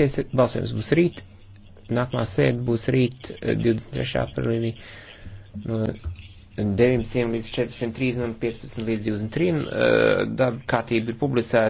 Tiesa, balsojums būs rīt, nākamā sēde būs rīt 23. Eh, aprīlī no 9 līdz 14.30 un 15 līdz 23. Eh, darba kārtība ir publicēta.